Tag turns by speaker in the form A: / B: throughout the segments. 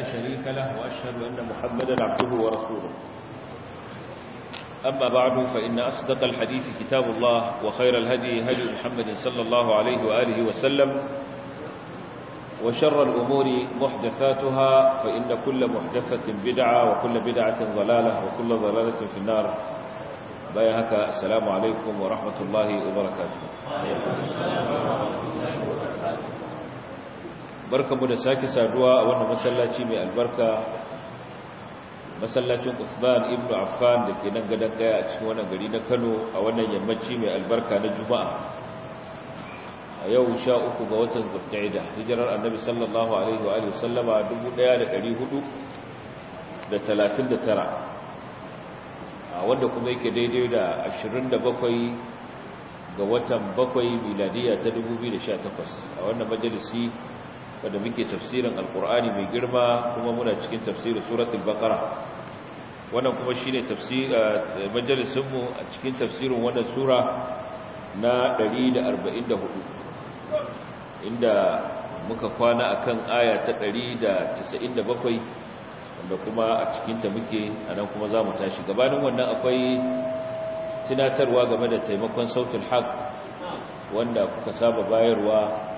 A: لا شريك له وأشهد أن محمدا عبده ورسوله أما بعد فإن أصدق الحديث كتاب الله وخير الهدي هدي محمد صلى الله عليه وآله وسلم وشر الأمور محدثاتها فإن كل محدثة بدعة وكل بدعة ضلالة وكل ضلالة في النار بايهك السلام عليكم ورحمة الله وبركاته mu da sake saduwa a wannan masallaci mai albarka masallacin Usman ibn Affan da ke nan gadon kaya a cikin wannan gari na Kano a wannan yammaci mai albarka na Juma'a a yau sha uku ga watan Zulqa'ida hijirar Annabi sallallahu alaihi wa alihi sallama 1439 a wanda kuma yake daidai da 27 ga watan 7 miladiya ta 2018 a wannan majalisi wanda muke tafsirin alkur'ani mai girma kuma muna cikin tafsirin suratul baqara wannan kuma shine tafsir majalisin mu a cikin tafsirin wannan sura na 144 inda muka kwana akan aya ta 197 wanda kuma a cikin ta muke anan kuma zamu tashi gabanin wannan akwai tunatarwa game da taimakon sautul haq wanda kuka saba bayarwa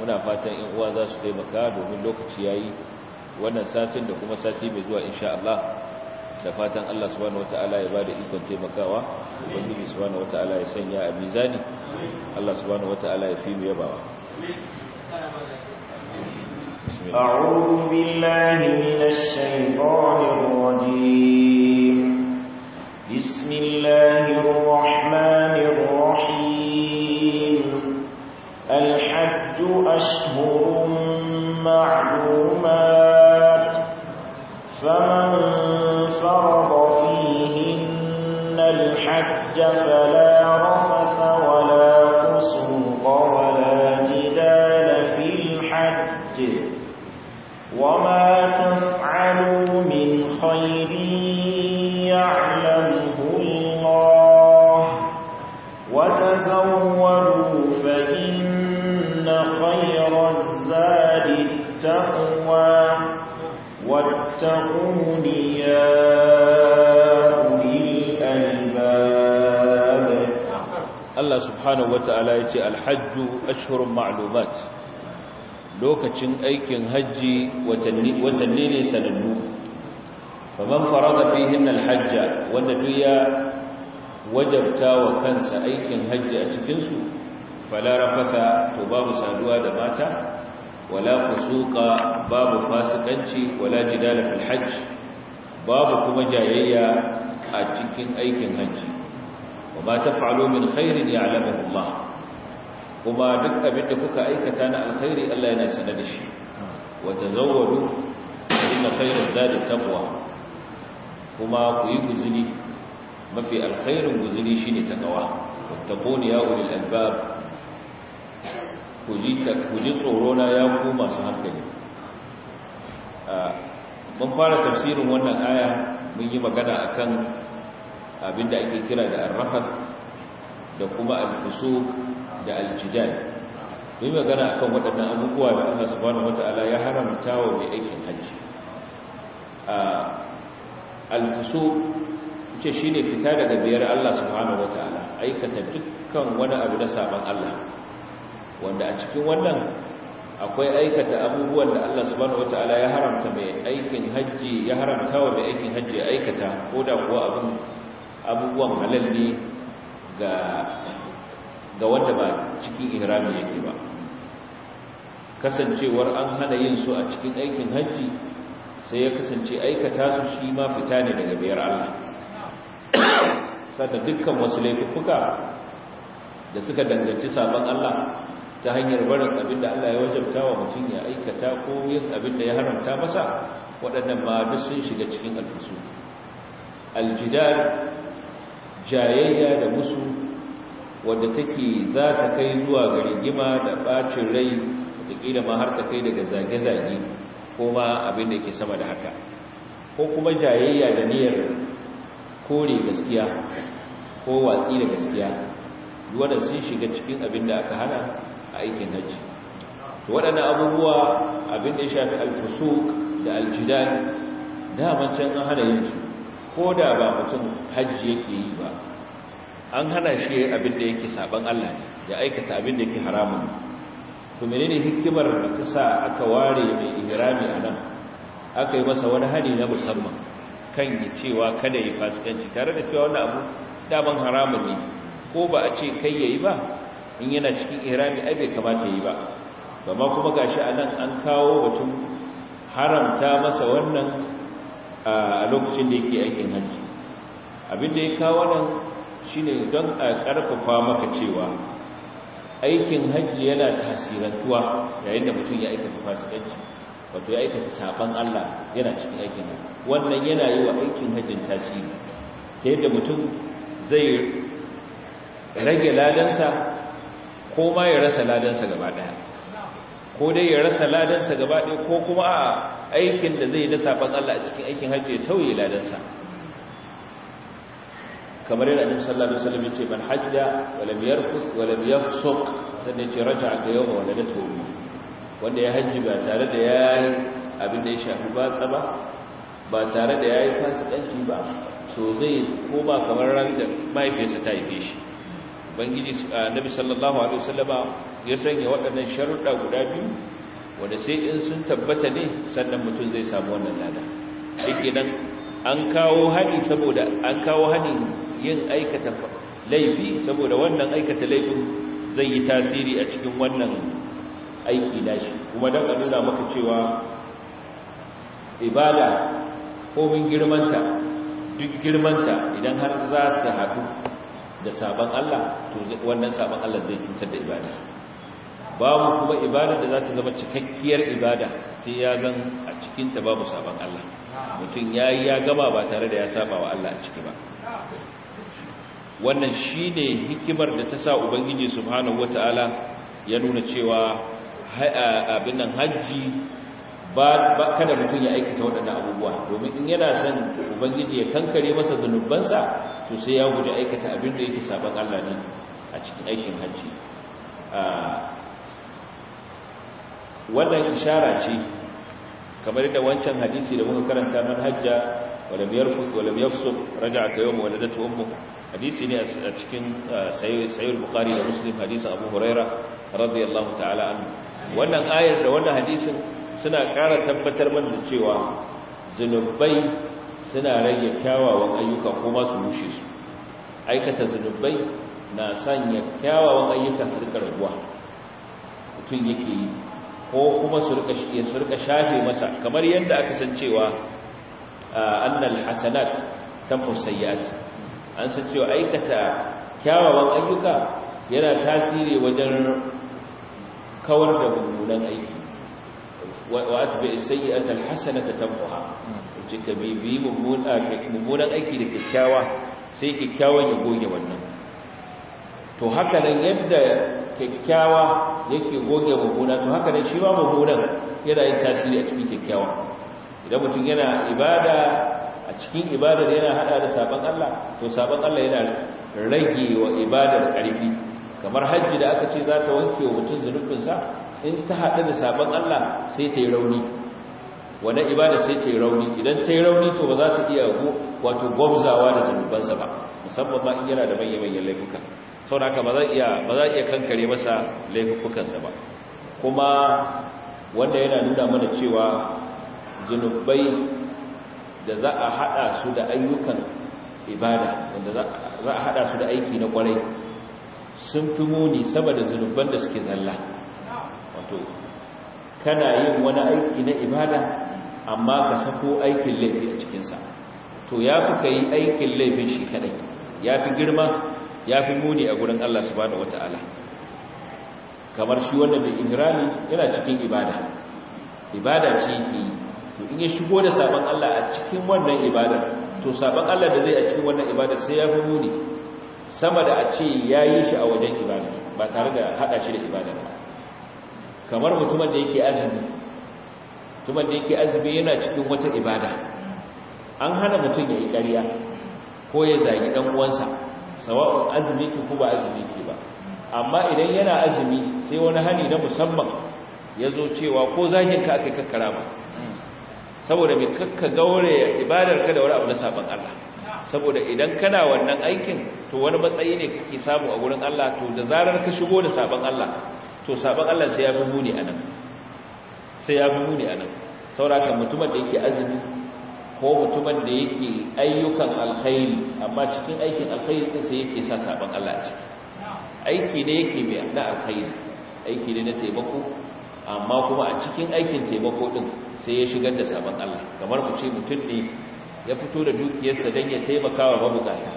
A: muna fatan in uwa za su taimaka domin lokaci yayi wannan satin da kuma sati mai zuwa insha Allah da fatan Allah subhanahu wataala ya bada ikon taimakawa ubangiji subhanahu wataala ya sanya a mizani Allah subhanahu wataala ya fi mu yabawa
B: أعوذ بالله من الشيطان الرجيم بسم الله الرحمن الرحيم الحمد أشهر معلومات فمن فرض فيهن الحج فلا رفث ولا فسوق ولا جدال في الحج وما تفعلوا من خير يعلمه الله وتزودوا التقوى واتقون يا أولي الألباب
A: الله سبحانه وتعالى يتي الحج أشهر معلومات lokacin aikin hajji watanni ne sanannu faman farada fihin alhajja wanda duk ya wajabta wa kansa aikin hajji a cikinsu fala rafatha to babu saduwa da mata wala fusuqa babu fasikanci wala jidala fil hajj babu kuma jayayya a cikin aikin hanci. Kuma ma taf'alu min khairin ya'lamuhu Allah kuma duk abin da kuka aikata na alkhairi Allah yana sanar da shi wa tazawwadu inna khayra zadi taqwa kuma ku yi guzuri mafi alkhairin guzuri shine takawa wattaquni ya ulil albab ku ji tsorona ya ku masu hankali mun fara tafsirin wannan aya mun yi magana akan abinda ake kira da arrafat da kuma alfusuq da aljidal mun yi magana akan waɗannan abubuwa da Allah subhanahu wataala ya haramta wa mai aikin hajji alfusuq ce shine fita daga biyar Allah subhanahu wataala aikata dukkan wani abu na saban Allah wanda a cikin wannan akwai aikata abubuwan da Allah subhanahu wataala ya haramta mai aikin hajji ya haramta wa mai aikin hajji aikata ko da kuwa abin abubuwan halal ne ga ga wanda ba cikin ihrami yake ba kasancewar an hana yin su a cikin aikin hajji sai ya kasance aikata su shi ma fita ne daga biyar Allah Sada dukkan wasu laifuka da suka danganci sabon Allah ta hanyar barin abin da Allah ya wajabta wa mutum ya aikata ko yin abin da ya haramta masa waɗannan ma duk sun shiga cikin alfusu aljidar jayayya da musu wadda take za ta kai zuwa ga rigima da ɓacin rai wataƙila ma har ta kai daga zage-zage ko ma abin da ke sama da haka ko kuma jayayya da niyyar kore gaskiya ko watsi da gaskiya duwada sun shiga cikin abin da aka hana aikin hajji to waɗannan abubuwa abin da ya shafi alfusuk da aljidal daman can an hana yin su ko da ba mutum hajji yake yi ba an hana shi abin da yake saban Allah ne ya aikata abin da yake haramun to menene hikimar ta sa aka ware mai ihrami nan? aka yi masa wani hari na musamman kan yi cewa kada ya fasikanci tare da cewa wani abu daman haramun ne ko ba a ce kai yayi ba in yana cikin ihrami ai bai kamata yi ba amma kuma gashi anan an kawo batun haramta masa wannan a lokacin da yake aikin hajji abinda ya kawo nan shine don a karfafa maka cewa aikin hajji yana tasirantuwa yayin da mutum ya aikata fasikanci wato ya aikata saban Allah yana cikin aikin hajji wannan yana yi wa aikin hajjin tasiri ta yadda mutum zai
C: rage ladansa
A: ko ma ya rasa ladansa gaba daya ko dai ya rasa ladansa gaba daya ko kuma a aikin da zai dasa safan Allah a cikin aikin hajji ya tauye ladansa kamar yadda annabi sallallahu alaihi wasallam yace man hajja wa lam yarfus wa lam yafsuq sannan yace raja ga yawma waladatu wanda ya hajji ba tare da ya yi abin da ya shafi ba tsaba ba tare da ya yayi fasikanci ba so zai koma kamar ran da mahaifiyarsa ta haife shi Bangiji, uh, annabi sallallahu alaihi wasallama ya sanya waɗannan sharuɗa guda biyu wanda sai in sun tabbata ne sannan mutum zai samu wannan lada shikenan an kawo hani saboda an kawo hani yin aikata laifi saboda wannan aikata laifin zai yi tasiri a cikin wannan aiki nashi kuma dan a nuna maka cewa ibada komin girmanta duk girmanta idan har za ta haɗu da sabon Allah to wannan sabon Allah zai cutar da ibada babu kuma ibada da za ta zama cikakkiyar ibada sai ya zan a cikinta babu sabon Allah mutum ya yi ya gama ba tare da ya saba wa Allah a ciki ba wannan shi ne hikimar da ta sa ubangiji subhanahu wata'ala ya nuna cewa abin nan hajji ba kada mutum ya aikata waɗannan abubuwa domin in yana son ubangiji ya kankare masa zunubansa to sai ya guji aikata abin da yake saban Allah ne a cikin aikin hajji wannan ishara ce kamar da wancan hadisi da muka karanta man hajja walam yarfus walam yafsuq raja'a ka yawm waladatu ummu hadisi ne a cikin sahih bukhari da muslim hadisi abu huraira radiyallahu ta'ala anhu wannan ayar da wannan hadisin suna ƙara tabbatar mana cewa zunubai suna rage kyawawan ayyuka ko masu rushe su aikata zunubai na sanya kyawawan ayyuka su rika raguwa mutum yake yi ko kuma su rika shafe masa kamar yadda aka san cewa annal hasanat tamfus sayyiat an san cewa aikata kyawawan ayyuka yana tasiri wajen kawar da mummunan aiki wa atbi sayyi'ata alhasanata tamha ji hmm. ka bibi ah, mummunan aiki da kyakkyawa sai kyakkyawan ya goge wannan to haka nan yadda kyakkyawa yake goge mummuna to haka nan shi ma mummunan yana yin tasiri a cikin kyakkyawa idan mutum yana ibada a cikin ibadar yana hada da sabon Allah to sabon Allah yana rage wa ibadar karfi kamar hajji da aka ce za ta wanke wa mutum zunubinsa in ta haɗu da sabon Allah sai ta yi rauni wadda ibada sai ta yi rauni idan ta yi rauni to ba za ta iya wato gwamzawa da zanubansa ba musamman ma in yana da manya-manyan laifuka sau da haka ba za a iya kankare masa laifukansa ba kuma wanda yana nuna mana cewa zunubai da za a haɗa su da ayyukan ibada wanda za a haɗa su da aiki na ƙwarai sun fi muni saboda zunuban da suke zalla to kana yin wani aiki na ibada amma ka sako aikin laifi a cikinsa to ya fi ka yi aikin laifin shi kadai ya fi girma ya fi muni a gurin Allah subhanahu wata'ala kamar shi wanda mai ihrami yana cikin ibada ibada ce yi. to in ya shigo da sabon Allah a cikin wannan ibada to sabon Allah da zai a cikin wannan ibada sai ya fi muni sama da a ce ya yi shi a wajen ibada ba tare da hada shi da ibada ba kamar mutum da yake azumi mutum da yake azumi yana cikin wata ibada an hana mutum ya yi ƙarya ko ya zagi ɗan uwansa sawa'un azumi ke ko ba azumi ke ba amma idan yana azumi sai wani hani na musamman ya zo cewa ko zahin ka aka kakkara ba saboda mai kakka gaure ibadar ka da wani abu na sabon Allah saboda idan kana wannan aikin to wani matsayi ne kake samu a wurin Allah to da zarar ka shigo da sabon Allah to sabon Allah sai ya fi muni anan, sai ya fi muni anan. nan sauraka mutumin da yake azumi ko mutumin da yake ayyukan alkhairi amma cikin aikin alkhairi din sai yake sa sabon Allah a ciki aiki ne yake mai na alkhairi aiki ne na taimako amma kuma a cikin aikin taimako din sai ya shigar da sabon Allah kamar mu ce mutum ne ya fito da dukiyarsa don ya taimaka wa mabukata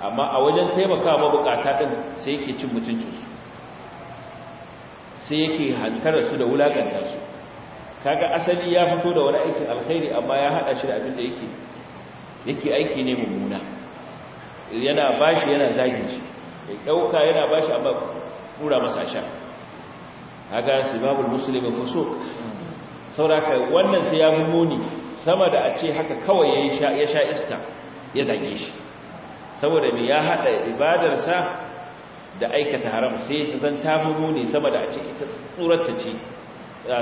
A: amma a wajen taimaka wa mabukata din sai yake cin mutuncinsu sai yake hankarar su da wulakanta su kaga asali ya fito da wani aikin alkhairi amma ya hada shi da abin da yake aiki ne mummuna yana bashi yana zagin shi ya dauka yana bashi amma kura masa sha kaga sibabul muslimi fusuq sauraka wannan sai ya mummuni sama da a ce haka kawai ya sha iska ya zage shi saboda me ya hada ibadarsa da aikata haram sai ta zan tafi ne sama da a ce ita tsurarta ce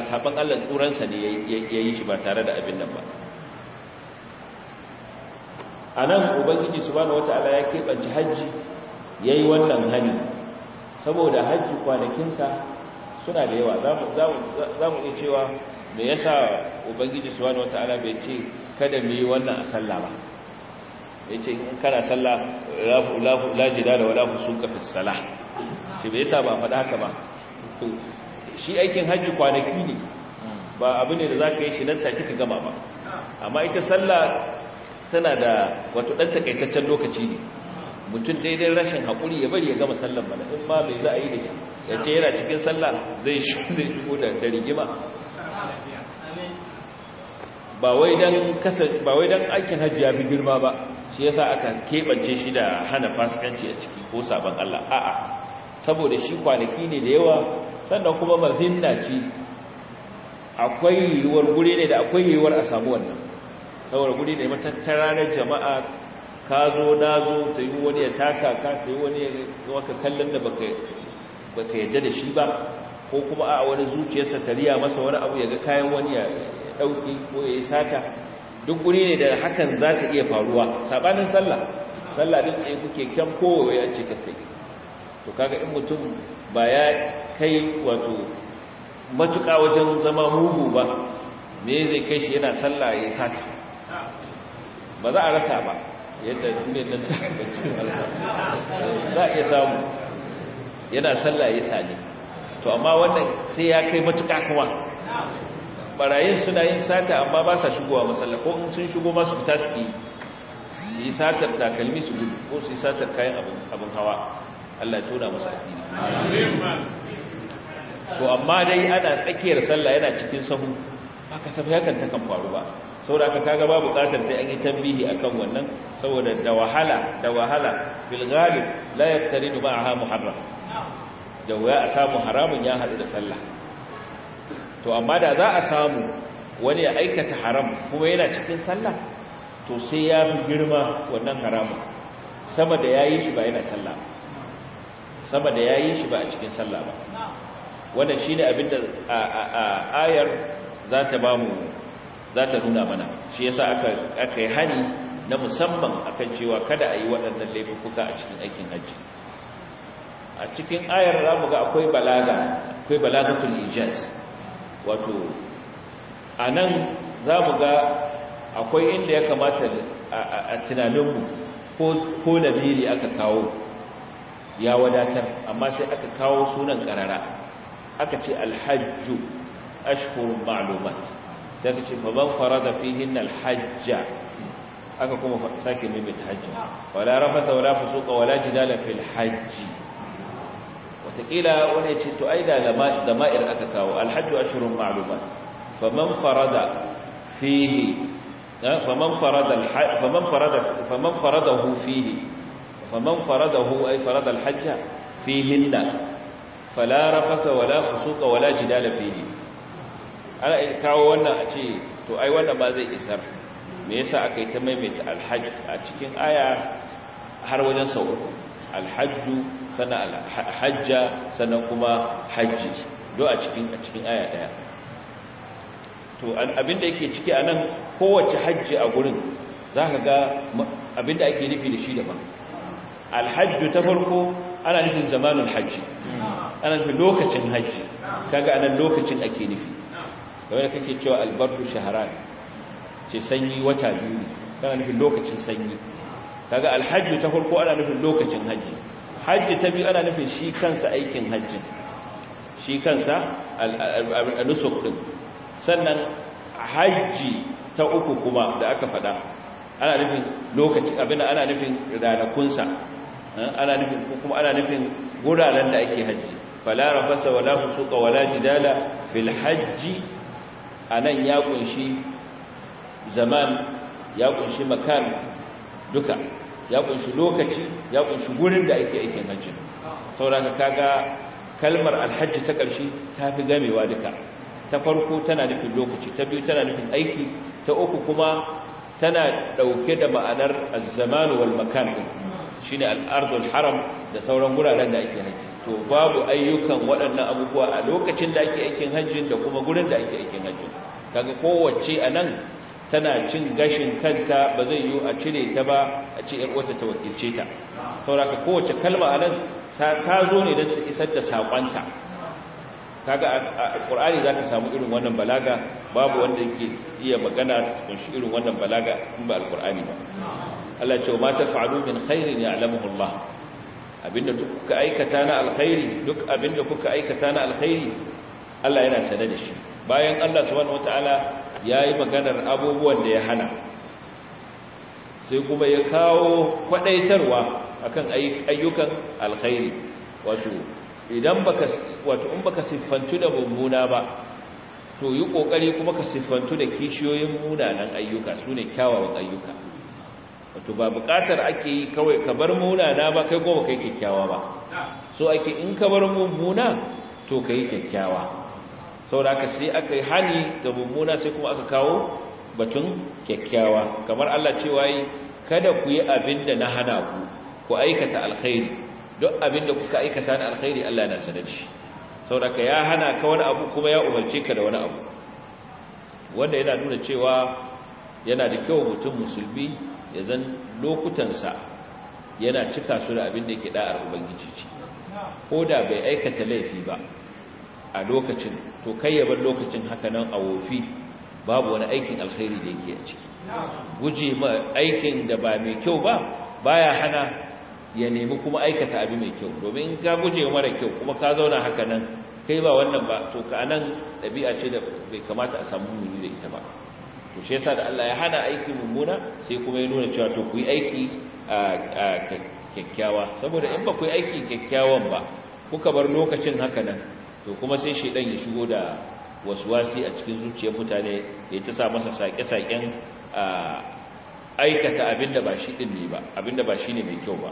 A: sabon Allah tsuransa ne ya yi shi ba tare da abin nan ba a nan ubangiji su wata wata'ala ya keɓance hajji ya yi wannan hani saboda hajji kwanakinsa suna da yawa za mu iya cewa me yasa ubangiji su wata wata'ala bai ce kada mu yi wannan asalla ba ya ce in kana sallah la da wala fusuka fi shi bai yasa ba faɗa haka ba shi aikin hajji kwanaki ne ba abu ne da zaka yi shi nan take ka gama ba amma ita sallah tana da wato ɗan takaitaccen lokaci ne mutum daidai rashin haƙuri ya bari ya gama sallan bala in ba mai za a yi da shi ya ce yana cikin sallah zai shigo da rigima
C: ba wai don aikin hajji
A: ya fi girma ba shi yasa aka keɓance shi da hana fasikanci a ciki ko sabon Allah a'a saboda shi kwanaki ne da yawa sannan kuma mazinna ce akwai yiwuwar guri ne da akwai yiwuwar a samu wannan saboda guri ne matattara na jama'a ka zo na zo ta yi wani ya taka ka ta yi wani ya kallon da baka yadda da shi ba ko kuma a wani zuciyarsa ta riya masa wani abu ya ga kayan wani ya ɗauki ko ya yi sata duk wuri ne da hakan za ta iya faruwa saɓanin sallah sallah duk ɗaya kuke kyan kowa ya ce kakai to kaga in mutum ba ya kai wato matuƙa wajen zama mugu ba me zai kai shi yana sallah ya yi sata ba za a rasa ba yadda duniyar nan ta kacin Allah za a iya samu yana sallah ya sale to amma wannan sai ya kai matuƙa kuma barayin suna yin sata amma ba sa shigowa masallaci ko in sun shigo masu fita suke su yi satar takalmi su gudu ko su yi satar kayan abin hawa Allah ya tona musu asiri to amma dai ana tsakiyar sallah yana cikin sahu aka safi hakan takan faru ba saboda aka kaga ba bukatar sai an yi tambihi akan wannan saboda da wahala da wahala bil ghalib la yaftarinu ma'aha muharram da waya a samu haramun ya haɗu da sallah to amma da za a samu wani ya aikata haram kuma yana cikin sallah to sai ya fi girma wannan haramun sama da ya yi shi ba yana sallah sama da ya yi shi ba a cikin sallah ba wanda shi ne abinda a ayar za ta ba mu za ta nuna mana shi yasa aka yi hani na musamman akan cewa kada a yi waɗannan laifuka a cikin aikin hajji a cikin ayar za ga akwai balaga akwai balagatul ijaz wato a nan za mu ga akwai inda ya kamata a tunaninmu ko lamiri aka kawo ya wadatar amma sai aka kawo sunan karara aka ce alhajju ashhurun ma'lumat sai aka ce faman da fihin alhajja aka kuma sake mimita hajji wala rafata wala fusuka wala jidala fil hajji takila wani ce to ai da zama'ir aka kawo alhajju ashirin ma'lumat faman farada fihi eh, faman farada hu farada faman faradahu fihi faman faradahu ay farada alhajja fihinna fala rafasa wala fusuqa wala jidala fihi ana kawo wannan a ce to ai wannan ba zai isar me yasa aka yi ta maimaita alhajj a cikin aya har wajen sau alhajju sannan hajja sannan kuma hajji do a cikin a cikin aya daya to abin da yake ciki anan kowace hajji a gurin za ka ga abin da ake nufi da shi daban alhajj ta farko ana nufin zamanul hajji ana nufin lokacin hajji kaga anan lokacin ake nufi kamar da kake cewa albarku shaharar ce sanyi wata biyu kana nufin lokacin sanyi kaga alhajj ta farko ana nufin lokacin hajji hajji ta biyu ana nufin shi kansa aikin hajji shi kansa al-nusuk din sannan hajji ta uku kuma da aka faɗa ana nufin lokaci abinda ana nufin ranakunsa eh, ana nufin kuma ana nufin guraren da ake hajji fala rafasa wala fusuka wala jidala fil hajji anan ya kunshi zaman ya kunshi makan duka ya kunshi lokaci ya kunshi gurin da ake aikin hajji sauraka kaga kalmar alhajji ta ƙarshe ta fi gamewa duka ta farko tana nufin lokaci ta biyu tana nufin aiki ta uku kuma tana ɗauke da ma'anar azzamanu wal makan shine al'ardul haram da sauran guraren da ake hajji to babu ayyukan waɗannan abubuwa a lokacin da ake aikin hajji da kuma gurin da ake aikin hajji kaga kowace anan tana cin gashin kanta ba zai yiwu a cire ta ba a ci ‘yar wata ta wakilce ta sauraka kowace kalma a nan ta zo ne don ta isar da saƙonta kaga a ƙur'ani za ka samu irin wannan balaga babu wanda yake iya magana kunshi irin wannan balaga in ba alƙur'ani ba Allah ce ma ta faru min khairin ya alamu abinda duk kuka aikata na alkhairi duk abinda kuka aikata na alkhairi Allah yana sane da shi bayan Allah subhanahu wataala ya yi maganar abubuwan da ya hana sai kuma ya kawo kwadaitarwa akan ayyukan alkhairi wato idan baka wato in baka siffantu da mummuna ba to yi kokari kuma ka siffantu da kishiyoyin munanan ayyuka sune kyawawan ayyuka wato ba bukatar ake yi kawai ka bar munana ba kai goma kai kyakkyawa ba so ake in ka bar mummuna to kai kyakkyawa saboda ka sai aka yi hali da mummuna sai kuma aka kawo batun kyakkyawa kamar Allah cewa yi kada ku yi abin da na hana ku ku aikata alkhairi duk abin da kuka aikata na alkhairi Allah yana sanarci saboda ka ya hana ka wani abu kuma ya umarci ka da wani abu wanda yana nuna cewa yana da kyau mutum musulmi ya zan lokutansa yana cika su da abin da ke da'ar ubangiji ko da bai aikata laifi ba a lokacin to kai ya bar lokacin hakanan a wofi babu wani aikin alkhairi da yake a ciki guje ma aikin da ba mai kyau ba baya hana ya nemi kuma aikata abu mai kyau domin in ka guje mara kyau kuma ka zauna hakanan nan kai ba wannan ba to ka nan ɗabi'a ce da bai kamata a samu muni da ita ba to shi yasa da Allah ya hana aiki mummuna sai kuma ya nuna cewa to ku yi aiki a kyakkyawa saboda in ba ku yi aiki kyakkyawan ba kuka bar lokacin hakanan. nan to kuma sai shaidan ya shigo da waswasi a cikin zuciyar mutane ya ta sa masa sake-saken aikata abinda ba shi din ne ba abinda ba shi ne mai kyau ba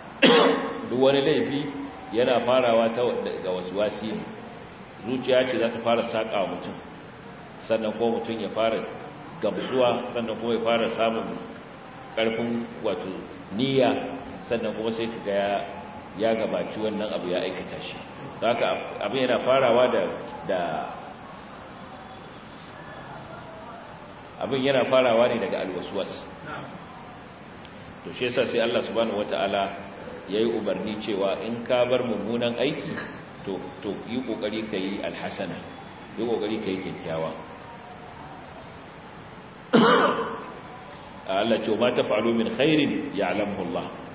A: duk wani laifi yana farawa ta ga waswasi zuciya ce za ta fara saƙa mutum sannan ko mutum ya fara gamsuwa sannan kuma ya fara samun ƙarfin wato niyya sannan kuma sai ka ga ya gabaci wannan abu ya aikata
C: shi haka abin yana farawa
A: da abin yana farawa ne daga alwaswas to shi yasa sai Allah subhanahu wataala yayi umarni cewa in ka bar mummunan aiki to to yi kokari kai alhasana yi kokari kai kyakkyawa Allah ce ma faru min khairin ya'lamuhu Allah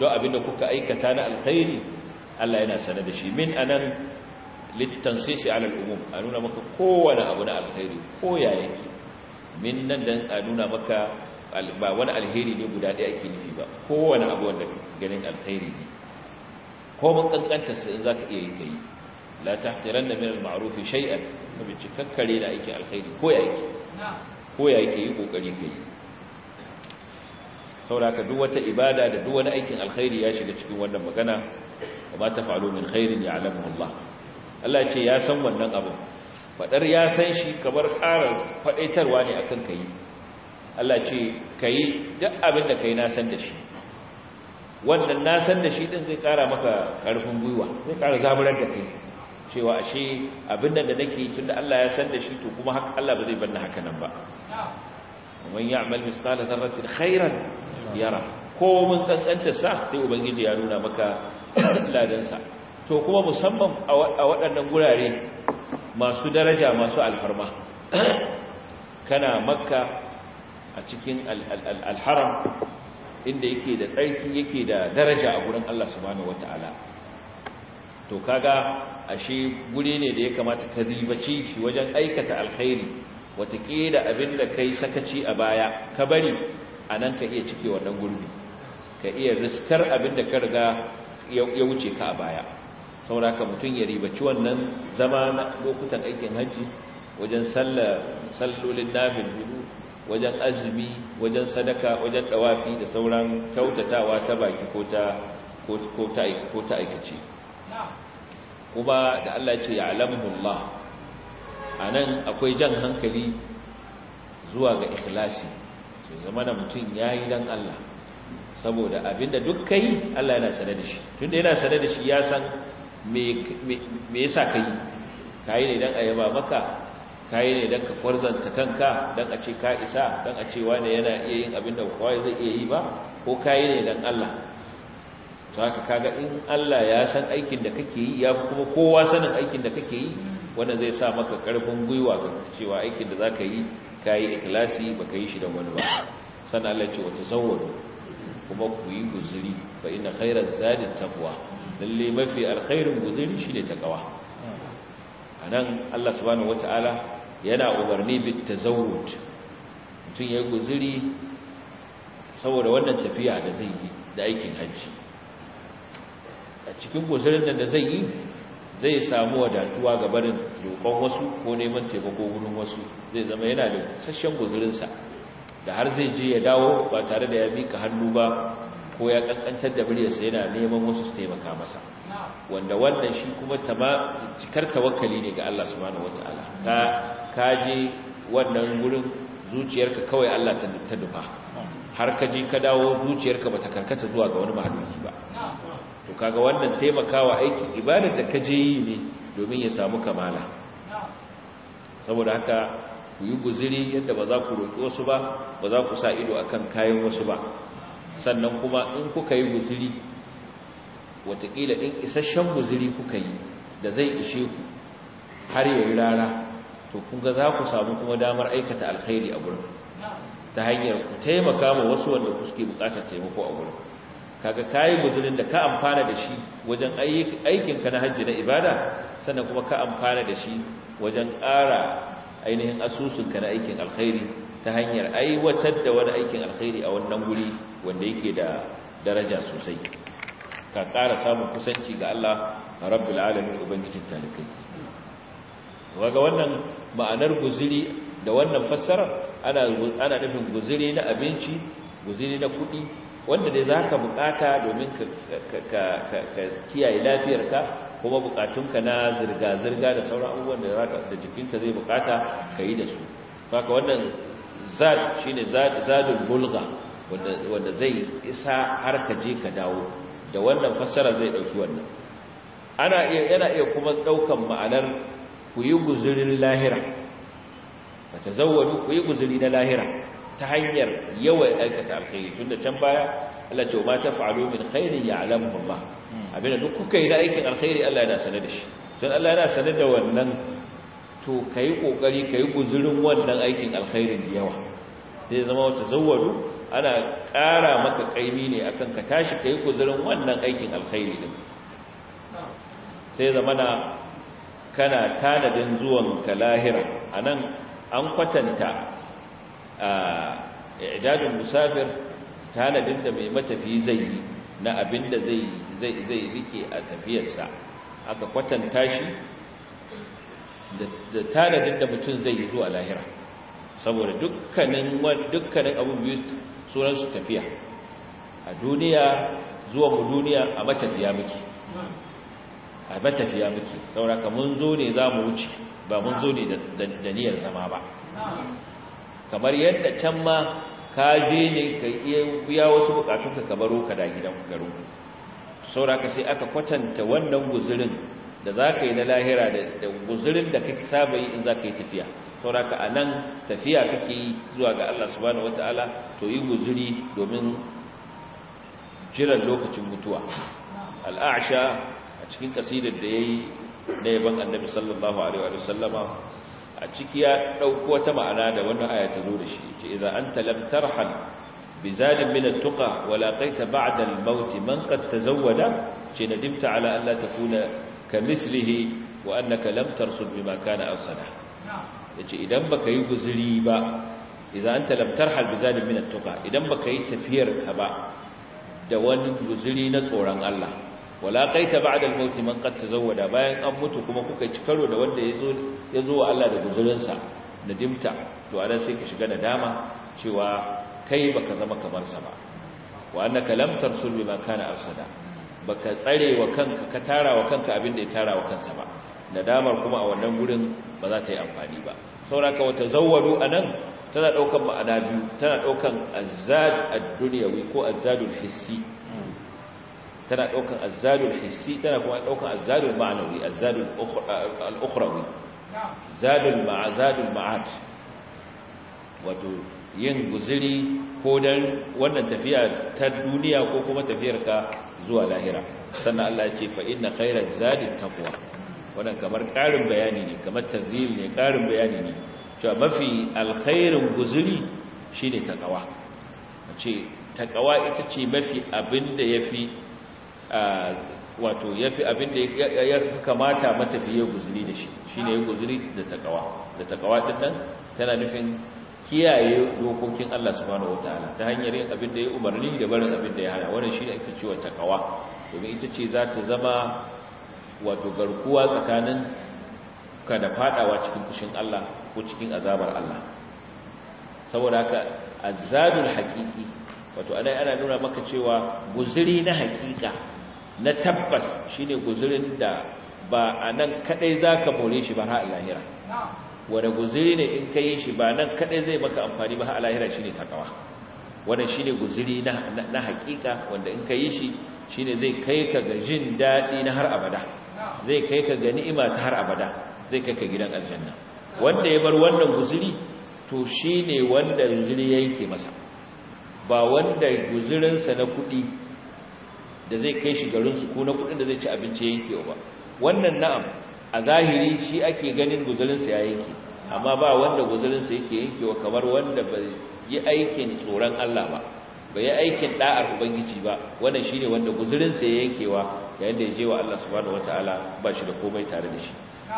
A: don abinda kuka aikata na alkhairi Allah yana sane da shi min anan littansisi ala al'umum a nuna maka kowane abu na alkhairi ko ya yake min nan dan a nuna maka ba wani alheri ne guda ɗaya ake nufi ba kowane abu wanda ganin alkhairi ne ko mun kankanta sai za ka iya yi kai la tahtiranna min al-ma'ruf shay'an kabi cikakkare da aikin alkhairi ko ya yake ko ya yake yi kokari yi? sauraka duk wata ibada da duk wani aikin alkhairi ya shiga cikin wannan magana amma ta fa'alu min khairin ya'lamu Allah Allah ce ya san wannan abu fadar ya san shi kamar ƙarar fadaitarwa ne akan kai Allah ce kai duk abin da kai na san da shi wannan na san da shi din zai ƙara maka karfin gwiwa zai ƙara zaburar da kai cewa ashe abin da nake tunda Allah ya san da shi to kuma haka Allah ba zai bar ni haka nan ba man ya'mal misqala dharratin khairan yara komin mun kankanta sa sai ubangiji ya nuna maka ladansa. to kuma musamman a waɗannan gurare masu daraja masu alfarma kana makka a cikin alharam inda yake da tsarki yake da daraja a gurin Allah subhanahu wataala to kaga ashe guri ne da ya kamata ka ribace shi wajen aikata alkhairi watakila abin da kai sakaci a baya ka bari a nan ka iya cike wannan gurbi ka iya riskar abin da ka riga ya wuce ka a baya sauraka mutum ya ribaci wannan zama na lokutan aikin hajji wajen sallolin nafin hudu wajen azumi wajen sadaka wajen dawafi da sauran kyautatawa ta baki ko ta ko ta aikace kuma da Allah ya ce ya allah a nan akwai jan hankali zuwa ga ikhlasi sai zama da mutum ya yi don Allah saboda abinda duk ka yi Allah yana sane da shi tun da yana sane da shi ya san me yasa ka yi ka yi ne don a yaba maka ka yi ne don ka kwarzanta kanka don a ce ka isa don a ce yana iya yin abinda kawai zai iya yi ba ko ka yi ne don Allah to haka kaga in Allah ya san aikin da kake yi ya kuma kowa sanin aikin da kake yi wanda zai sa maka karfin gwiwa ga cewa aikin da za ka yi ka ikilasi ikhlasi ka yi shi da wani ba sannan Allah ce wata tazawwadu kuma ku yi guzuri ba ina khairar zanin taqwa lalle mafi alkhairin guzuri shine A nan, Allah subhanahu wataala yana umarni ta zawon mutum ya guzuri saboda wannan tafiya da zai yi da aikin hajji a cikin guzurin da zai yi zai samu wadatuwa ga barin roƙon wasu ko neman taimako wurin wasu zai zama yana da sashen guzurinsa da har zai je ya dawo ba tare da ya mika hannu ba ko ya ƙanƙantar da muryarsa yana neman wasu su taimaka masa wanda wannan shi kuma cikar tawakkali ne ga Allah subhanahu wataala ka ka je wannan wurin zuciyarka kawai Allah ta dufa har ka je ka dawo zuciyarka ba ta karkata zuwa ga wani mahaluki ba
C: to kaga wannan taimakawa aikin ibadar da ka je yi
A: ne domin ya samu kamala saboda haka ku yi guziri yadda ba za ku roƙi wasu ba ba za ku sa ido akan kayan wasu ba sannan kuma in kuka yi guziri watakila in isasshen guziri kuka yi da zai ishe ku har yayi rara to kun za ku samu kuma damar aikata alkhairi a gurin ta hanyar ku taimaka ma wasu wanda kuke buƙatar taimako a gurin kaga kayi guzurin da ka amfana da shi wajen aikinka na hajji na ibada sannan kuma ka amfana da shi wajen ƙara ainihin asusun ka na aikin alkhairi ta hanyar aiwatar da wani aikin alkhairi a wannan guri wanda yake da daraja sosai ka ƙara samun kusanci ga Allah rabbul alamin ubangijin talikai waga wannan ma'anar guzuri da wannan fassara ana ana nufin guziri na abinci guziri na kuɗi wanda dai za ka bukata domin ka kiyaye lafiyarka kuma bukatunka na zirga-zirga da sauran abubuwan da jikinka zai bukata ka yi da su saka wannan zad shi ne zadun bulga wanda zai isa har ka je ka dawo da wannan fassara zai ɗauki wannan iya yana iya kuma ɗaukan ma'anar ku yi guzurin lahira ba ta ku yi guzuri na lahira ta hanyar yawan aikata alkhairi da can baya Allah ce ma taf'alu min khairin ya'lamuhu Allah hmm. abinda duk kuka yi da aikin alkhairi Allah yana sanar da shi don Allah yana sanar da wannan to kai kokari kai guzurin wannan aikin alkhairin da yawa zai zama wata zawwadu ana ƙara maka kaimi ne akan ka tashi kai guzurin wannan aikin alkhairi din sai zamana kana tanadin zuwan ka lahira anan an kwatanta i'dadul musafir tanadin da mai matafi zai yi na abinda zai zai zai rike a tafiyarsa aka kwatanta shi da tanadin da mutum zai yi zuwa lahira saboda dukkanin dukkanin abun biyu sunan su tafiya a duniya zuwa mu duniya a matafiya muke a matafiya muke saboda mun zo ne za mu wuce ba mun zo ne da niyyar zama ba kamar yadda can ma ka je ne ka iya biya wasu bukatun ka baro ka da gidan garo saura ka sai aka kwatanta wannan guzurin da za ka yi na lahira da guzurin da kake saba yi in za ka yi tafiya saura ka a nan tafiya kake yi zuwa ga Allah subhanahu wataala to yi guzuri domin jiran lokacin mutuwa al'asha a cikin kasidar da ya yi na yaban annabi sallallahu alaihi wa sallama
C: a ciki ya ɗauko wata ma'ana da wannan aya ta zo da shi ce idan an talam tarhan bi zalim min at-tuqa wa laqaita ba'da al-maut man qad
A: tazawwada ce na nadimta ala an la takuna kamithlihi wa annaka lam tarsud bima kana asala yace idan baka yi guzuri ba idan an talam tarhan bi zalim min at-tuqa idan baka yi tafiyar ka ba da wani guzuri na tsoron Allah wala kaita ba'da al mauti man qad tazawwada bayan an mutu kuma kuka ci karo da wanda yazo yazo wa Allah da guzurin sa nadimta to anan sai ka shiga nadama cewa kai baka zama kamar sa ba wa annaka lam tarsul bima kana arsada baka tsare wa kanka ka tara wa kanka abin da ya tara wa kansa ba nadamar kuma a wannan gurin ba za ta yi amfani ba sauraka wa tazawwadu anan tana daukan ma'ana biyu tana daukan azad ad-dunyawi ko azadul hissi tana daukan azzalul hissi tana kuma daukan azzalul ma'anawi azzalul al-ukhrawi
C: zalul ma'azadul ma'ad
A: wato yin guziri ko dan wannan tafiya ta duniya ko kuma tafiyar ka zuwa lahira sannan Allah ya ce fa inna khairaz zadi taqwa wannan kamar karin bayani ne kamar tanzil ne karin bayani ne cewa mafi alkhairin guziri shine taqwa ce taqwa ita ce mafi abinda yafi wato yafi abin da ya kamata matafi ya guzuri da shi ne ya guzuri da takawa da takawa din nan tana nufin kiyaye dokokin Allah subhanahu ta'ala, ta hanyar yin abin da ya umarni da barin abin da ya hana wannan ne ake cewa takawa domin ita ce za ta zama wato garkuwa tsakanin ka da fadawa cikin kushin Allah ko cikin azabar Allah saboda haka azabul haqiqi wato ana ana nuna maka cewa guzuri na haqiqa na tabbas shine guzurin da ba a nan kadai zaka more shi ba har lahira wanda guzuri ne in kai shi ba nan kadai zai maka amfani ba har lahira shine takawa wannan shine guzuri na na hakika wanda in kai shi shine zai kai ka ga jin dadi na har abada zai kai ka ga ni'ima ta har abada zai kai ka gidan aljanna wanda ya bar wannan guzuri to shine wanda guzuri yake masa ba wanda guzurinsa na kuɗi. da zai kai shi garin ko na kudin da zai ci abinci yankewa ba wannan na'am a zahiri shi ake ganin guzurinsa ya yanke amma ba wanda guzurinsa yake yankewa kamar wanda bai yi aikin tsoron Allah ba bai yi aikin da'ar ubangiji ba wannan shine wanda guzurinsa ya yankewa yayin da ya je wa Allah subhanahu wataala ba shi da komai tare da shi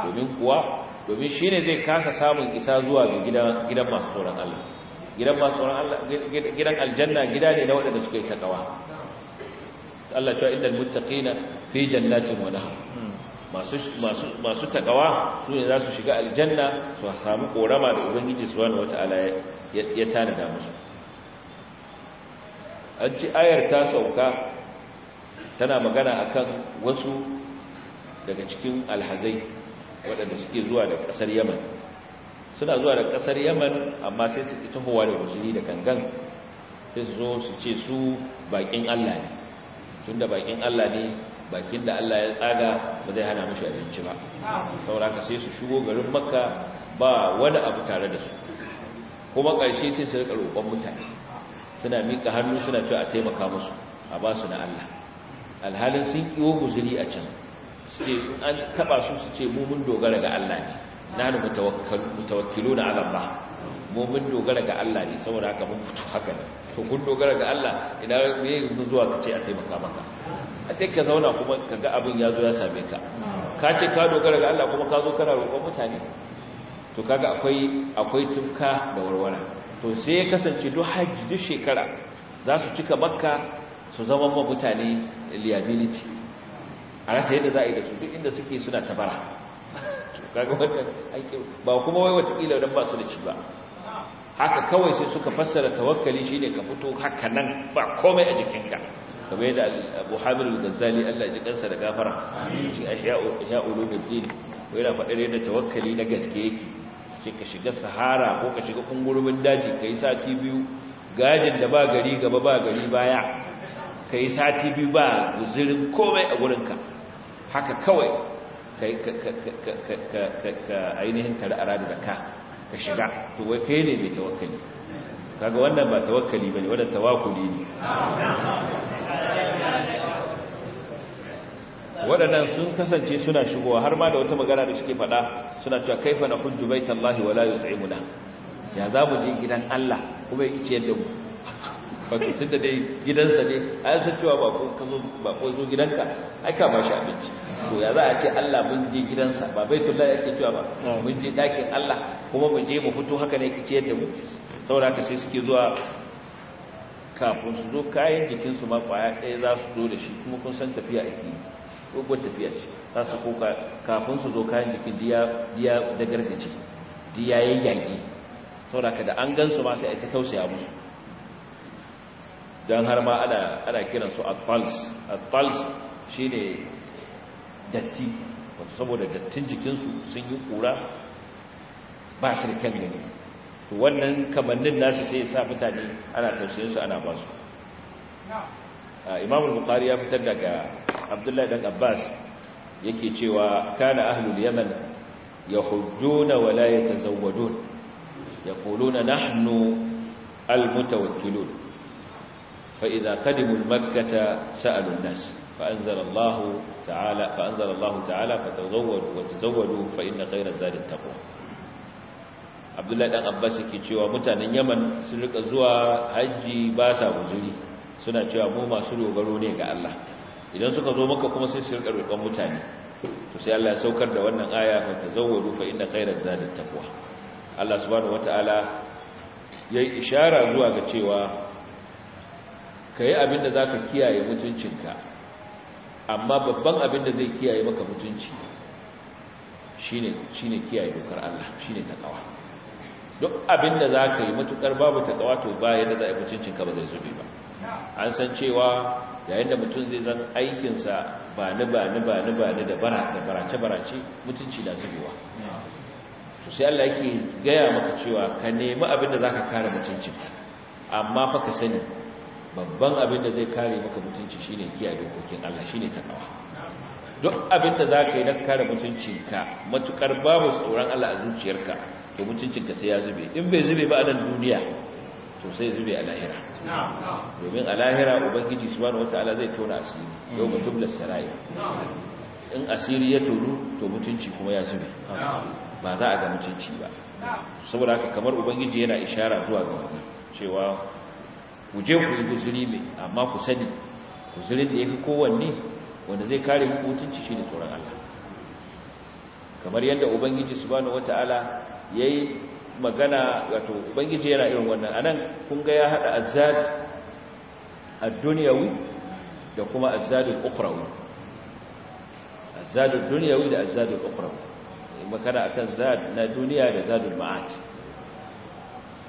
A: domin kuwa domin shine zai kasa samun isa zuwa ga gidan masu tsoron Allah gidan masu tsoron Allah gidan aljanna gida ne na waɗanda suka yi takawa Allah cewa inda muttaqina fi jannatin wa nahar masu masu masu takawa su ne za su shiga aljanna su samu ƙorama da ubangiji subhanahu wataala ya tanada musu an ci ayar ta sauka tana magana akan wasu daga cikin alhazai waɗanda suke zuwa da ƙasar yaman suna zuwa da ƙasar yaman amma sai su ita huwa da musuli da gangan sai su zo su ce su baƙin allah ne Tun da bakin Allah ne bakin da Allah ya tsaga ba zai hana mashi abinci ba sauraka sai su shigo garin makka ba wani abu tare da su kuma ƙarshe sai su rika roƙon mutane suna miƙa hannu suna cewa a taimaka musu a ba su na Allah alhalin sun kiwo guzuri a can suke an taɓa su su ce mu mun dogara ga Allah ne nanu mutawakkilu na Allah ba mu mun dogara ga Allah ne saboda haka mun fito haka ne to kun dogara ga Allah idan me zuwa ka ce a taimaka maka a sai ka zauna kuma ka ga abin ya zo ya same ka ka ce ka dogara ga Allah kuma ka zo kana roƙon mutane to kaga akwai akwai tumka da warwara to sai ya kasance duk haji duk shekara za su cika makka su zama ma mutane liability a rasa yadda za a yi da su duk inda suke suna tabara kaga ba kuma wai wata kila dan ba su da ci ba
C: haka kawai sai suka fassara
A: tawakkali shine ka fito haka nan ba komai a jikinka kamar yadda Abu Hamid al-Ghazali Allah ji kansa da gafara shi ihya'u ihya'u ulumuddin ko yana faɗar yadda tawakkali na gaske yake sai ka shiga sahara ko ka shiga kungurumin daji kai sati biyu gajin da ba gari gaba ba gari baya kai sati biyu ba guzurin komai a gurinka haka kawai ka ainihin tar'ara da ka ka shiga to wai kai ne mai tawakkali kaga wannan ba tawakkali bane wannan tawakkuli ne
C: waɗannan sun kasance suna shigowa
A: har ma da wata magana da suke faɗa suna cewa kaifa na hujju baitallahi wala yut'imuna ya za mu je gidan Allah kuma ya ciyar da mu wato tun da dai gidansa ne a yasa cewa bako zo gidanka ai ka ba shi abinci to ya za a ce Allah mun je gidansa ba baitullahi yake cewa ba mun je dakin Allah kuma mun je mu fito haka ne kici yadda mu saboda haka sai suke zuwa kafin su zo kayan jikinsu ma kwaya ɗaya za su zo da shi kuma kun san tafiya ake ko dogon tafiya ce za su koka kafin su zo kayan jikin diya da gargaci diya ya yage saboda ka da an gan su ma sai a ta tausaya musu don har ma ana kiran su atfals atfals shi ne datti saboda dattin jikinsu sun yi kura ba shi da gani to wannan kamannin nasu sai sa mutane ana tausayinsu ana basu. imamul bukhari ya fitar daga abdullahi dan abbas yake cewa kana ahlul yaman yahujjuna ya yatazawwadun yaquluna nahnu almutawakkilun فإذا قدموا مكة سألوا الناس فأنزل الله تعالى فأنزل الله تعالى فتزودوا وتزودوا فإن خير الزاد التقوى عبد الله بن عباس yake cewa mutanen Yaman sun rika zuwa haji ba sa huzuri suna cewa mu masu dogaro ne ga Allah idan suka zo maka kuma sai su rika roƙon mutane to sai Allah ya saukar da wannan aya fa tazawwadu fa inna khairaz zadi taqwa Allah subhanahu wataala yayi ishara zuwa ga cewa ka yi abin da za ka kiyaye mutuncinka amma babban abin da zai kiyaye maka mutunci shi ne kiyaye dokar Allah shi ne takawa duk abin da za ka yi matukar babu takawa to ba yadda za a yi mutuncinka ba zai zube ba an san cewa yayin da mutum zai zan aikinsa ba ni ba ni ba ni ba ni da barace barace mutunci na zubewa to sai Allah yake gaya maka cewa ka nemi abin da zaka kare mutuncin amma fa ka sani babban abin da zai kare maka mutunci shi ne kiyaye dokokin Allah shi ne takawa duk abin da za ka yi don kare mutuncinka matukar babu tsoron Allah a zuciyarka to mutuncinka sai ya zube in bai zube ba a nan duniya to sai zube a lahira domin a lahira ubangiji subhanahu wataala zai tona asiri yau mutum da sarayi in asiri ya tono to mutunci kuma ya zube ba za a ga mutunci ba saboda haka kamar ubangiji yana ishara zuwa ga wannan cewa ku je ku yi guzuri mai amma ku sani guzurin da ya fi kowanne wanda zai kare muku mutunci shi ne tsoron Allah kamar yadda ubangiji subhanahu wata'ala ya yi magana wato ubangiji yana irin wannan anan kun ga ya haɗa azad ad-dunyawi da kuma azad al-ukhrawi azad ad-dunyawi da azad al-ukhrawi magana akan zad na duniya da zadul ma'ad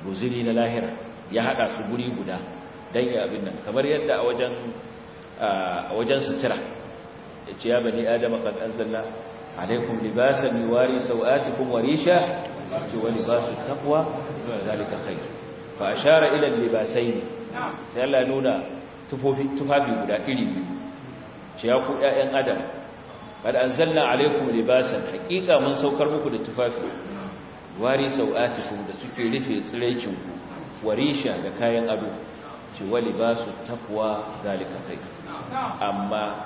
A: guzuri na lahira ya haɗa su guri guda Dan ya abin nan kamar yadda a wajen sutura ya ce ya bani adama kan anzalla alaikum libasan yuwari sau'atikum wa risha ce wa libasu taqwa zalika khair fa ashara ila libasaini sai Allah nuna tufofi tufafi guda iri ce ya ku ƴaƴan adam qad anzalna alaikum libasan haqiqa mun saukar muku da tufafi wari sau'atikum da suke rufe tsiraicinku, warisha da kayan ado ci wali ba su takwa zalika sai amma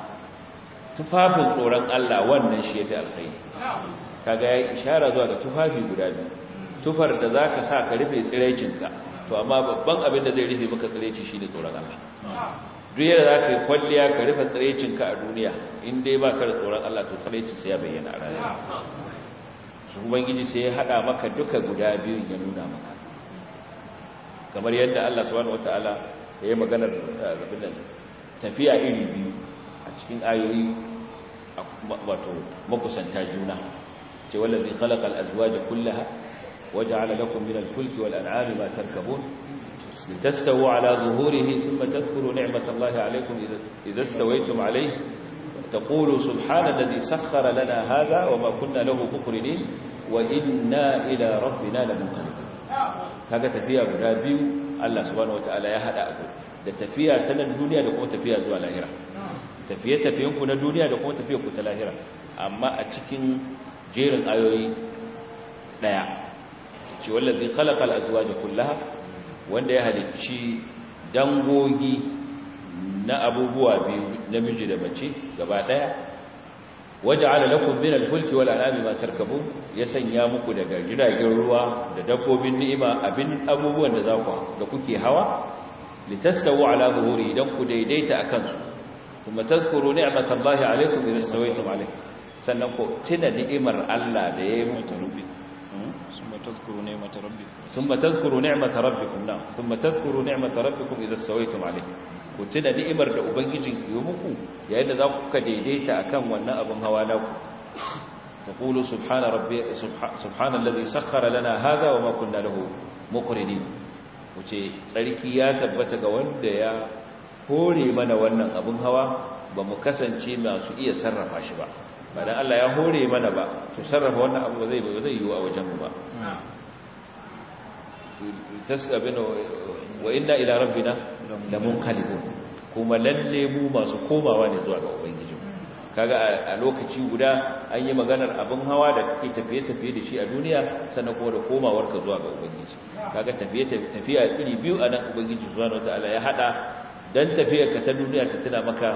A: tufafin tsoron Allah wannan shi yafi alkhairi kaga ya ishara zuwa ga tufafi guda biyu tufar da zaka sa ka rufe tsiraicinka to amma babban abin da zai rufe maka tsireci shine tsoron Allah
C: duk yadda za yi kwalliya ka rufe tsiraicinka
A: a duniya in dai ba ka da tsoron Allah to tsireci sai ya bayyana a rayuwa su ubangiji sai ya haɗa maka duka guda biyu ya nuna maka kamar yadda Allah subhanahu wataala ya yi maganar rabinan tafiya iri biyu a cikin ayoyi wato makusanta juna ce wallazi khalaqa al-azwaja kullaha waja'ala lakum min al-fulki wal an'ami ma tarkabun لتستووا على ظهوره ثم تذكروا نعمة الله عليكم إذا استويتم عليه تقولوا سبحان الذي سخر لنا هذا وما كنا له مقرنين وإنا إلى ربنا لمنقلبون kaga tafiya guda biyu Allah subhanahu wataala ya hada a da tafiya ta nan duniya da kuma tafiya zuwa lahira tafiye tafiyen ku na duniya da kuma tafiyar ku ta lahira amma a cikin jerin ayoyi daya ce wallazi khalaqal azwaja kullaha wanda ya halicci dangogi na abubuwa biyu namiji da mace gaba daya waja'ala lakum min al-fulki wal anami ma tarkabun ya sanya muku daga jiragen ruwa da dabbobin ni'ima abin abubuwan da za zaku da kuke hawa litastawu ala zuhuri dan ku daidaita akan su kuma tazkuru ni'matallahi alaykum idan sawaytum alayh sannan ku tuna ni'imar Allah da ya yayi muku rubi
B: summa tazkuru ni'mat rabbikum
A: summa tazkuru ni'mat rabbikum na summa tazkuru ni'mat rabbikum idan sawaytum alayh ku tuna ni'imar da ubangijin ki yi muku yayin da za ku ka daidaita akan wannan abin hawa na ku taqulu subhana rabbi subhana alladhi sakhkhara lana hadha wa ma kunna lahu muqrinin ku ce tsarki ya tabbata ga wanda ya hore mana wannan abin hawa ba mu kasance masu iya sarrafa shi ba ba Allah ya hore mana ba to sarrafa wannan abu zai ba zai yiwu a wajen mu ba tasabinu wa inna ila rabbina lamunqalibun kuma lalle mu masu komawa ne zuwa ga ubangiji kaga a lokaci guda an yi maganar abin hawa da kake tafiye-tafiye da shi a duniya sannan kuma da komawar ka zuwa ga ubangiji kaga tafiye-tafiye iri biyu a nan ubangiji wata wataala ya hada dan tafiyar ka ta duniya ta tuna maka